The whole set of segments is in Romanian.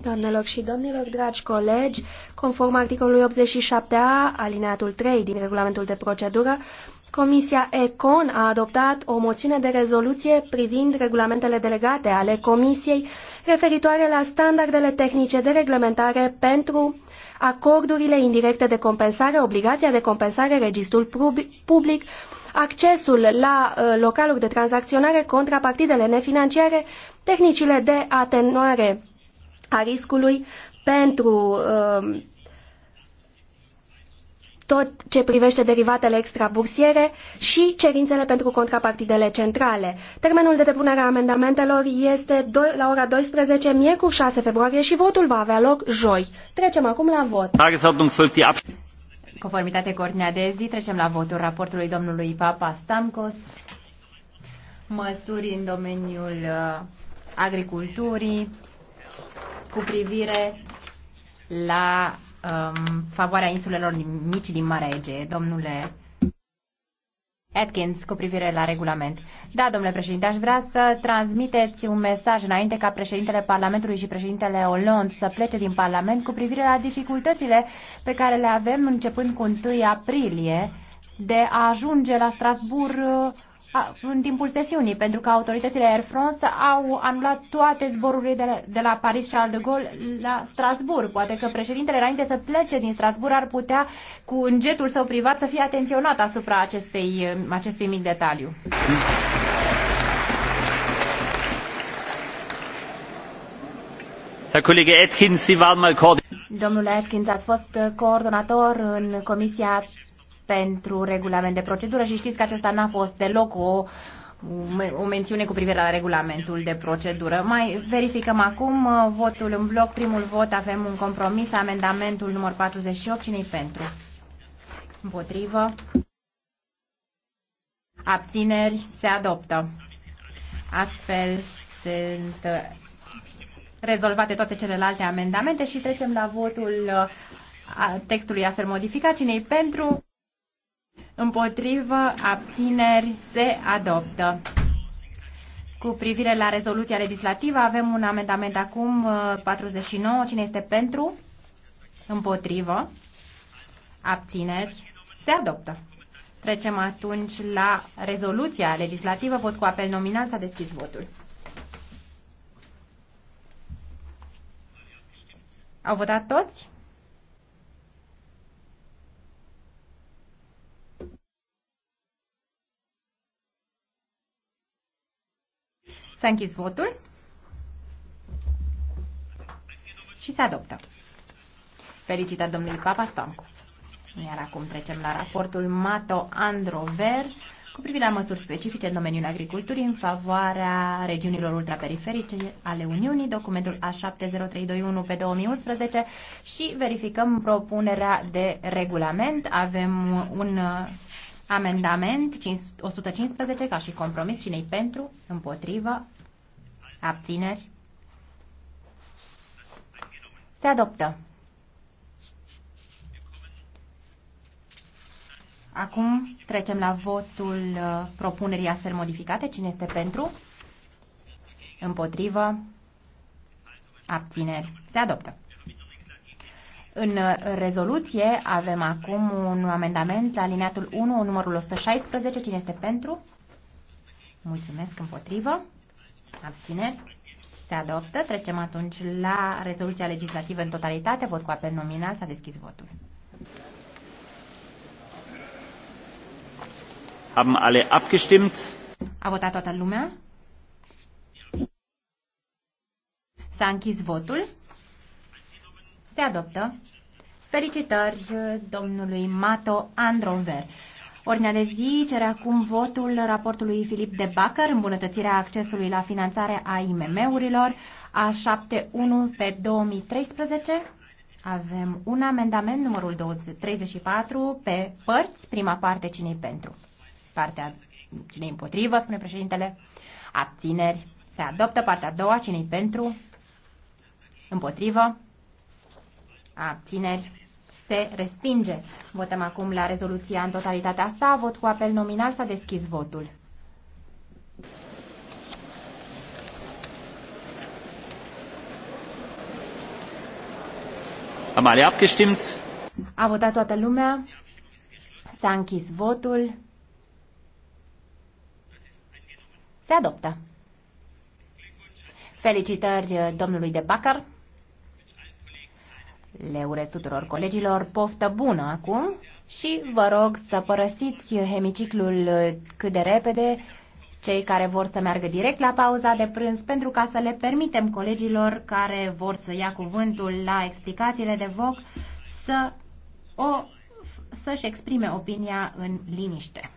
Doamnelor și domnilor, dragi colegi, conform articolului 87a, alineatul 3 din regulamentul de procedură, Comisia ECON a adoptat o moțiune de rezoluție privind regulamentele delegate ale Comisiei referitoare la standardele tehnice de reglementare pentru acordurile indirecte de compensare, obligația de compensare, registrul public, accesul la uh, localuri de tranzacționare, contrapartidele nefinanciare, tehnicile de atenuare a riscului pentru uh, tot ce privește derivatele extrabursiere și cerințele pentru contrapartidele centrale. Termenul de depunere a amendamentelor este la ora 12, miercuri 6 februarie și votul va avea loc joi. Trecem acum la vot. Conformitate cu ordinea de zi, trecem la votul raportului domnului Papa Stamkos. Măsuri în domeniul uh, agriculturii cu privire la um, favoarea insulelor mici din Marea Ege, Domnule Atkins, cu privire la regulament. Da, domnule președinte, aș vrea să transmiteți un mesaj înainte ca președintele Parlamentului și președintele Hollande să plece din Parlament cu privire la dificultățile pe care le avem începând cu 1 aprilie de a ajunge la Strasbourg uh, în timpul sesiunii, pentru că autoritățile Air France au anulat toate zborurile de la, de la Paris Charles de Gaulle la Strasbourg. Poate că președintele, înainte să plece din Strasbourg, ar putea, cu un jetul său privat, să fie atenționat asupra acestei, acestui mic detaliu. Domnule Atkins, ați fost coordonator în Comisia pentru regulament de procedură și știți că acesta n-a fost deloc o o mențiune cu privire la regulamentul de procedură. Mai verificăm acum uh, votul în bloc. Primul vot avem un compromis, amendamentul număr 48. Cine-i pentru? Împotrivă? Abțineri? Se adoptă. Astfel sunt uh, rezolvate toate celelalte amendamente și trecem la votul uh, textului astfel modificat. Cine-i pentru? împotrivă, abțineri, se adoptă. Cu privire la rezoluția legislativă, avem un amendament acum 49. Uh, Cine este pentru? Împotrivă. Abțineri. Se adoptă. Trecem atunci la rezoluția legislativă. Vot cu apel nominal. S-a deschis votul. Au votat toți? S-a închis votul și se adoptă. Felicitări domnului Papa Stamcu. Iar acum trecem la raportul Mato Androver cu privire la măsuri specifice în domeniul agriculturii în favoarea regiunilor ultraperiferice ale Uniunii, documentul A70321 pe 2011 și verificăm propunerea de regulament. Avem un Amendament 115 ca și compromis. cinei pentru? Împotrivă? Abțineri? Se adoptă. Acum trecem la votul uh, propunerii astfel modificate. Cine este pentru? Împotrivă? Abțineri? Se adoptă. În uh, rezoluție avem acum un amendament la alineatul 1, numărul 116. Cine este pentru? Mulțumesc împotrivă. Abține. Se adoptă. Trecem atunci la rezoluția legislativă în totalitate. Vot cu apel nominal. S-a deschis votul. Am alle abgestimmt? A votat toată lumea? S-a închis votul. Se adoptă. Felicitări domnului Mato Androver. Ordinea de zi cere acum votul raportului Filip de Bacăr, îmbunătățirea accesului la finanțare a IMM-urilor, a 71 pe 2013. Avem un amendament, numărul 20, 34, pe părți, prima parte, cine pentru? Partea cine împotrivă, spune președintele. Abțineri. Se adoptă partea a doua, cine pentru? Împotrivă abțineri, se respinge. Votăm acum la rezoluția în totalitatea sa. Vot cu apel nominal s-a deschis votul. Am alle abgestimmt? A votat toată lumea. S-a închis votul. Se adoptă. Felicitări domnului de Bacar. Le urez tuturor colegilor poftă bună acum și vă rog să părăsiți hemiciclul cât de repede cei care vor să meargă direct la pauza de prânz pentru ca să le permitem colegilor care vor să ia cuvântul la explicațiile de voc să o să-și exprime opinia în liniște.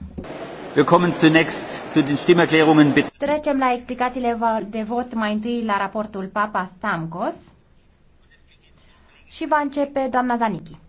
Trecem la explicațiile de vot mai întâi la raportul Papa Stamkos și va începe doamna Zanichi.